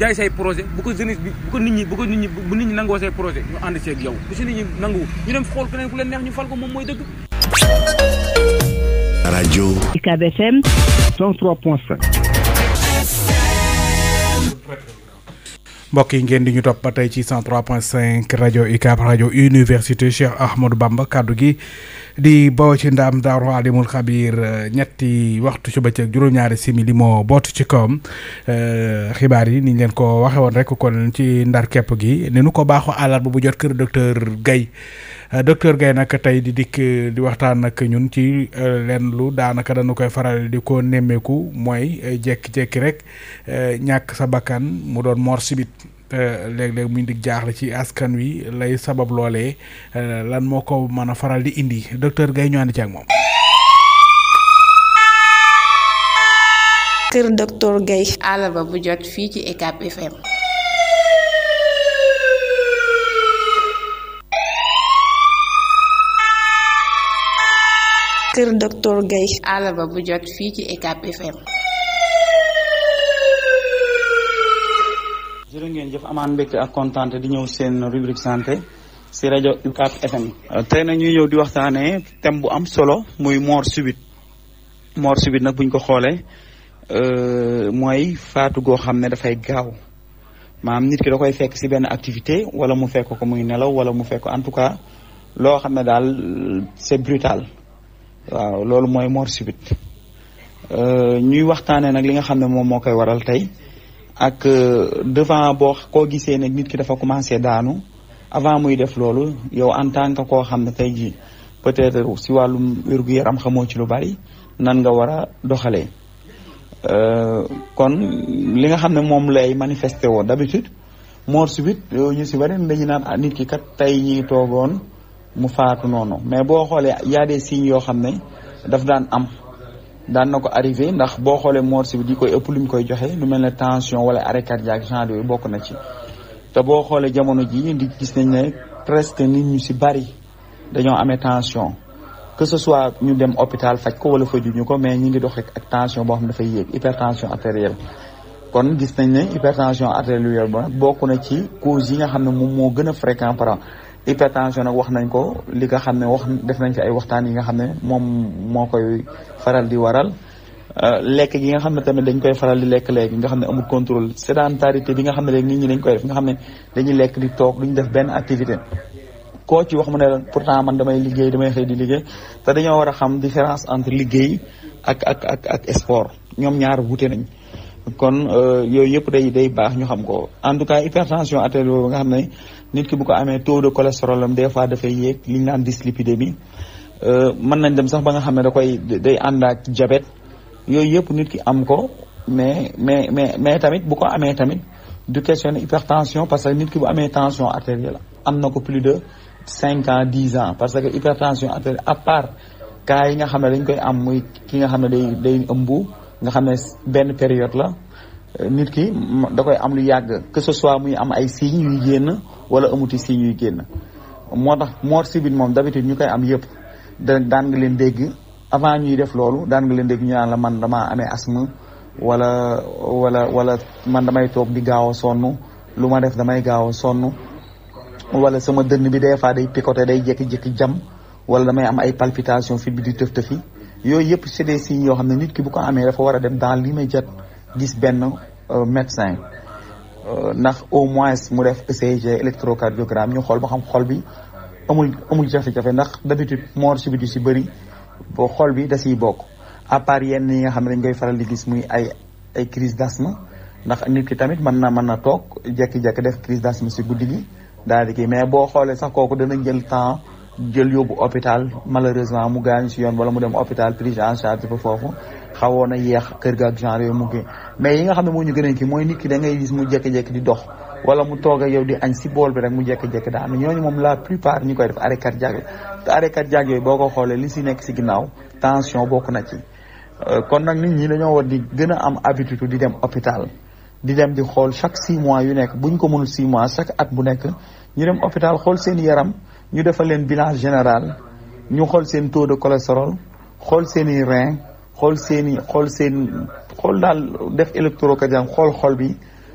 jaay say projet bu ko jeunesse bi bu nit ñi bu say projet ñu ànd seeg yow bu si nit ñi nangu ñu dem xool keneen ku leen neex ñu fal ko moom mooy dëgg mbokk yi ngeen di ñu topp ba tey ci 103.5 rajo UCAB rajo université Cheikh Ahmadou Bamba kaddu gi di bawoo ci ndaam daaru alimul xabir ñetti waxtu ci bëccëg juróom-ñaari simili moo bootu ci kawam euh, xibaar yi ni leen ko waxe woon rek kon ci ndar képp gi ni nu ko baaxu àllarba bu jot kër docteur gay Euh, docteur Gaye nag tey di dikk di waxtaan ak ñun ci euh, lenn lu daanaka dañu koy faral di ko nemmeeku mooy euh, jékki-jékki rek ñàkk sa bakkan mu doon mort subite léeg-léeg mu indi jaaxle ci askan wi lay sabab loolee lan moo ko mën a faral di indi docteur Gaye ñu ànd ci ak moom. kër docteur Gaye àllarba bu jot fii ci UCAB FM jërë ngeen jëf amaan ak kontaan di ñëw seen rubrique santé si rajo UCAB FM na ñuy ñëw di waxtaanee thème bu am solo muy moor subite mort subite nag buñ ko xoolee euh, mooy faatu goo xam ne dafay gaaw maanaam nit ki da koy fekk si benn activité wala mu fekk ko muy nelaw wala mu fekk en tout cas loo xam ne daal c'est brutal loolu mooy mort subite euh, ñuy waxtaanee nag li nga xam ne moom moo koy waral tey ak euh, devant boo koo gisee ne nit ki dafa commencé daanu avant muy def loolu yow en tant que koo xam ne tey jii peut-être si wàllum wér yaram xamoo ci lu bari nan nga war a doxalee. Euh, kon li nga xam ne moom lay manifesté woo moor mort subite ñu si bari dañu naan ah, nit ki kat tey ñi toogoon. mu faatu noonu mais boo xoolee y a des yoo xam ne daf daan am daan na ko arrivé ndax boo xoolee morse bi di koy ëpp lu mu koy joxe lu mel ne tension wala arrêt cardiaque genre bokk na ci. te boo xoolee jamono ji di gis nañ ne presque nit ñu si bari dañoo amee tension que soit ñu dem hôpital faj ko wala fajuñu ko mais ñu ngi dox ak tension boo xam dafay yéeg hypertension artérielle. kon gis nañ ne hypertension artérielle bokk na ci cause yi nga xam ne moom moo gën a fréquent par hypertension nag wax nañ ko li nga xam ne wax def nañ ci ay waxtaan yi nga xam ne moom moo koy faral di waral euh, lekk gi nga xam ne tamit dañ koy faral di lekk léegi nga xam ne amul contrôle sédentarité bi nga xam ne léegi nit ñi dañ koy def nga xam ne dañuy lekk di toog duñ def benn activité koo ci wax mu ne pour pourtant man damay liggéey damay xëy di liggéey te dañoo war a xam différence entre liggéey ak ak ak ak sport ñoom ñaar wuute nañ kon euh, yooyu yëpp day day baax ñu xam ko en tout cas hypertension artérielle boobu nga xam ne nit ki bu ko amee taux de cholestérol am des fois dafay yéeg li ñu naan dyslipidémie euh, mën nañ dem sax ba nga xam ne da koy day ànd ak diabète yooyu yëpp nit ki am ko mais mais mais mais tamit bu ko amee tamit du question hypertension parce que nit ki bu amee tension artérielle am na ko plus de cinq ans dix ans parce que hypertension artérielle à part cas yi nga xam ne dañ koy am muy ki nga xam ne day day ëmb nga xam ne benn période la nit ki da koy am lu yàgg que ce soit muy am ay signes yuy génn wala amuti signes yuy génn moo tax mort subite moom d'habitude ñu koy am yëpp da daan nga leen dégg avant ñuy def loolu daan nga leen dégg ñu naan la man damaa amee asthme wala wala wala man damay toog di gaaw a sonn lu ma def damay gaaw a sonn wala sama dënn bi des fois day picoté day jékki-jékki jam wala damay am ay palpitations fi bi di tëf-tëfi yooyu yëpp c'est des yoo xam ne nit ki bu ko amee dafa war a dem dans l'immédiat gis benn euh, médecin euh, ndax au moins mu def ECG électrocardiogramme ñu xool ba xam xool bi amul amul jafe-jafe ndax d'habitude mort subite si bëri boo xool bi da bokk à yenn yi nga xam ne dañ koy faral di gis muy ay ay crise d'asthme ndax nit ki tamit mën na mën na toog jekki-jekki def crise d'asthme si guddi gi daal di kii mais boo xoolee sax kooku dana jël temps jël yóbbu hôpital malheureusement mu gaañu si yoon wala mu dem hôpital prise en charge ba foofu xawoon a yeex kër gaa ak genre yooyu mu mais yi nga xam ne moo ñu gën a kii mooy nit dangay da mu jékki-jékki di dox wala mu toog a yow di añ si bool bi rek mu jékki-jékki daa am ñooñu moom la plupart ñu koy def arrêt cardiaque te arrêt cardiaque yooyu boo ko xoolee li si nekk si ginnaaw tension bokk na ci euh, kon nag nit ñi dañoo war di gën a am habitude di dem hôpital di dem di xool chaque six mois yu nekk bu ñu ko mënul six mois chaque at bu nekk ñu dem hôpital xool seen yaram ñu defal leen bilan général ñu xool seen taux de cholestérol xool seen i rein xool seeni xool seen xool daal def électrocardiogramme xool xol bi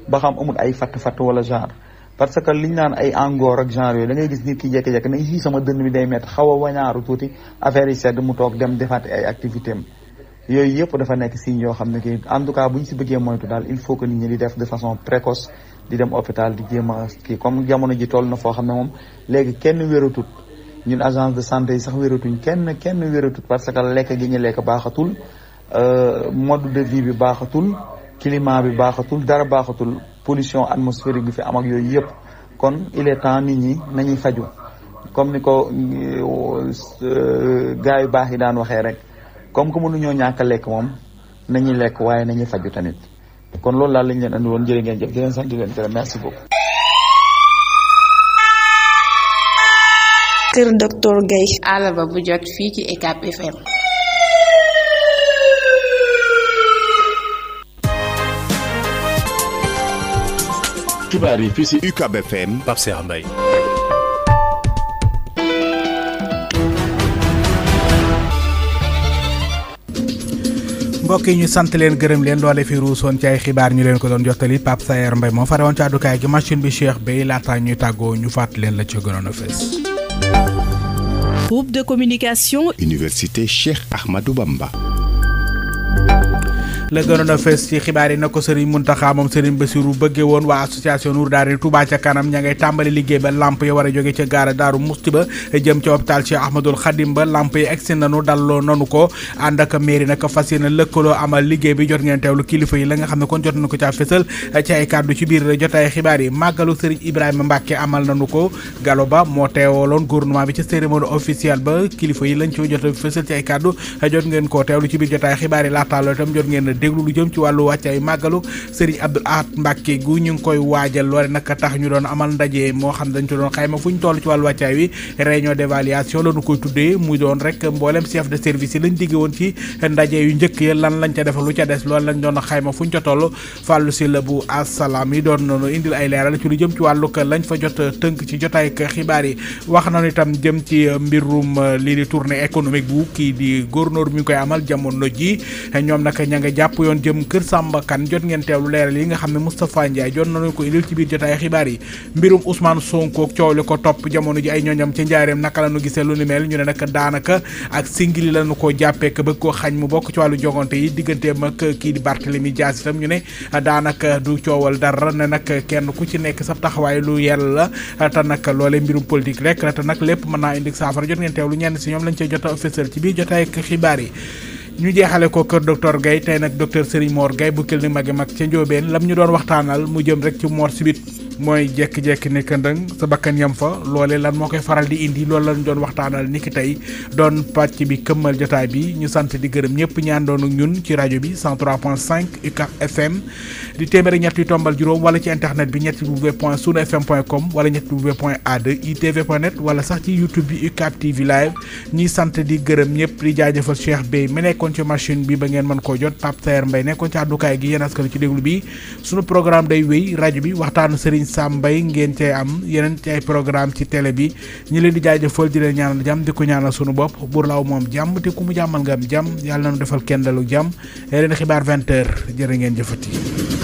ba xam amul ay fatt-fatt wala genre parce que liñ naan ay angoor ak genre yooyu da gis nit ki jékki-jékki ne yii sama dënn bi day métti xaw a wañaaru tuuti affaire yi sedd mu toog dem defaat ay activité am yooyu yëpp dafa nekk signe yoo xam ne que en tout cas bu ñu si bëggee moytu daal il faut que nit ñi di def de façon précoce di dem hôpital di jéem a kii comme jamono ji toll na foo xam ne moom léegi kenn wératut ñun agence de santé yi sax wératuñ kenn kenn wératut parce que lekk gi ñu lekk baaxatul euh, mode de vie bi baaxatul climat bi baaxatul dara baaxatul pollution atmosphérique bi fi amag yooyu yëpp kon il est temps nit ñi nañuy faju comme ni ko euh, gars yu baax yi daan waxee rek comme que mënuñoo ñàkk a lekk moom nañuy lekk waaye nañuy faju tamit kon loolu daal leen andi woon jërë ngeen jëf di merci beaucoup. kër docteur Gaye àllarba bu jot fii ci UCAB FM xibaar yi fii ci UCAB FM Pape yi ñu sant leen gërëm leen loole fi ruusoon ci ay xibaar ñu leen ko doon jottali Pape Sayer Mbaye moo fare woon ci gi machine bi Cheikh Bey laata ñuy tàggoo ñu fàtt leen la ci gënoon a fees groupe de communication Université Cheikh Ahmadou Bamba. la gënoon a fees ci xibaar yi na ko sëriñ Muntaxa moom sëriñ Basiru bëgge woon waa association Nour Daari Touba ca kanam ña ngay tàmbali liggéey ba lamp yi war a jóge ca gaara Daaru Musti ba jëm ca hôpital Cheikh Ahmadul Xadim ba lamp yi egsi ko ànd ak mairie naka fas yéene lëkkaloo amal liggéey bi jot ngeen teewlu kilifa yi la nga xam ne kon jot nañu ko ca fésal ci ay kàddu ci biir jotaay xibaar yi màggalu sëriñ Ibrahima Mbàkke amal nanu ko Galo Ba moo teewaloon gouvernement bi ci cérémonie officielle ba kilifa yi lañ ci jot a fésal ci ay kàddu jot ngeen koo teewlu ci biir jotaay xibaar yi laataaloo itam déglu lu jëm ci wàllu wàccaay màggalu Serigne Abdoul Ahad Mbacke gu ñu ngi koy waajal loole nag tax ñu doon amal ndaje moo xam dañ ci doon xayma fu ñu toll ci wàllu wàccaay wi réunion d'évaluation la ñu koy tuddee mu doon rek mboolem chef de service yi lañ diggee woon ci ndaje yu njëkk ya lan lañ ca def lu ca des loolu lañ doon xayma fu ñu ca fàllu si la bu asalaam yi doon noonu indil ay leeral ci lu jëm ci wàllu ka lañ fa jot tënk ci jotaay xibaar yi wax nañu itam jëm ci mbirum uh, lii di tournée économique bu kii di gouverneur mi ngi koy amal jamono ji jàpp yoon jëm kër Samba jot ngeen teewlu leeral yi nga xam ne Moustapha Ndiaye jot nañu ko indil ci biir jotaay xibaar yi ko topp jamono ji ay ñooñam ci njaareem naka la ñu gisee lu ni mel ñu ne nag daanaka ak singili la ñu ko jàppee ka koo xañ mu bokk ci wàllu jogante yi digganteem ak kii di Barthélemy Dias itam ñu ne daanaka du coowal dara ne nag kenn ku ci nekk sa taxawaay lu yell la te nag loolee mbirum politique rek la te nag lépp mën naa indi saafara jot ngeen teewlu ñenn si ñoom lañ cey jota fësal ci biir jotaay xibaar yi ñu jeexale ko kër docteur gay tey nag docteur Serigne Mor gay bu Kilni Magi Mag ca Njóobeen lam ñu doon waxtaanal mu jëm rek ci mort subite mooy jekki-jekki ne këndëng sa bakkan yam fa loole lan moo koy faral di indi loolu lañ doon waxtaanal ni ki tey doon pàcc bi këmmal jotaay bi ñu sant di gërëm ñëpp ñaan doon ak ñun ci rajo bi 103.5 UCAB FM di téeméeri ñett yu tombal juróom wala ci internet bi ñett w point sunu fm point com wala ñett w point wala sax ci youtube bi ñuy sant di gërëm ñëpp di jaajëfal Cheikh Bey mi nekkoon ci machine bi ba ngeen mën koo jot Pape Saer Mbaye nekkoon ci àddukaay gi yéen askan ci déglu bi sunu programme day wéy rajo bi waxtaanu sëriñ Sambay ngeen cay am yeneen ci ay programme ci tele bi ñi leen di jaajëfal di leen ñaanal jàmm di ko ñaanal sunu bopp buur laaw moom jàmm te ku mu jàmmal nga am jàmm yàlla na nu defal kenn dalu jàmm yeneen xibaar 20h jërë ngeen jëfati.